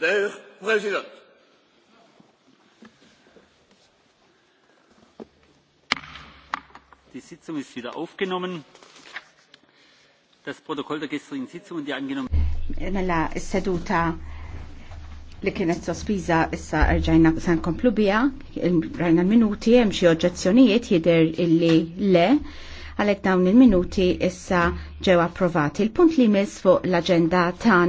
der Präsident. Die Sitzung ist wieder aufgenommen. Das Protokoll der gestrigen Sitzung und die angenommen. Mela, seduta li kienet sospiża issa rġajna san komplu bija, rajna l-minuti, hemm xi oġġezzjonijiet jidher illi le għalek dawn il-minuti issa ġew approvati. Il-punt li miss fuq l-agenda tan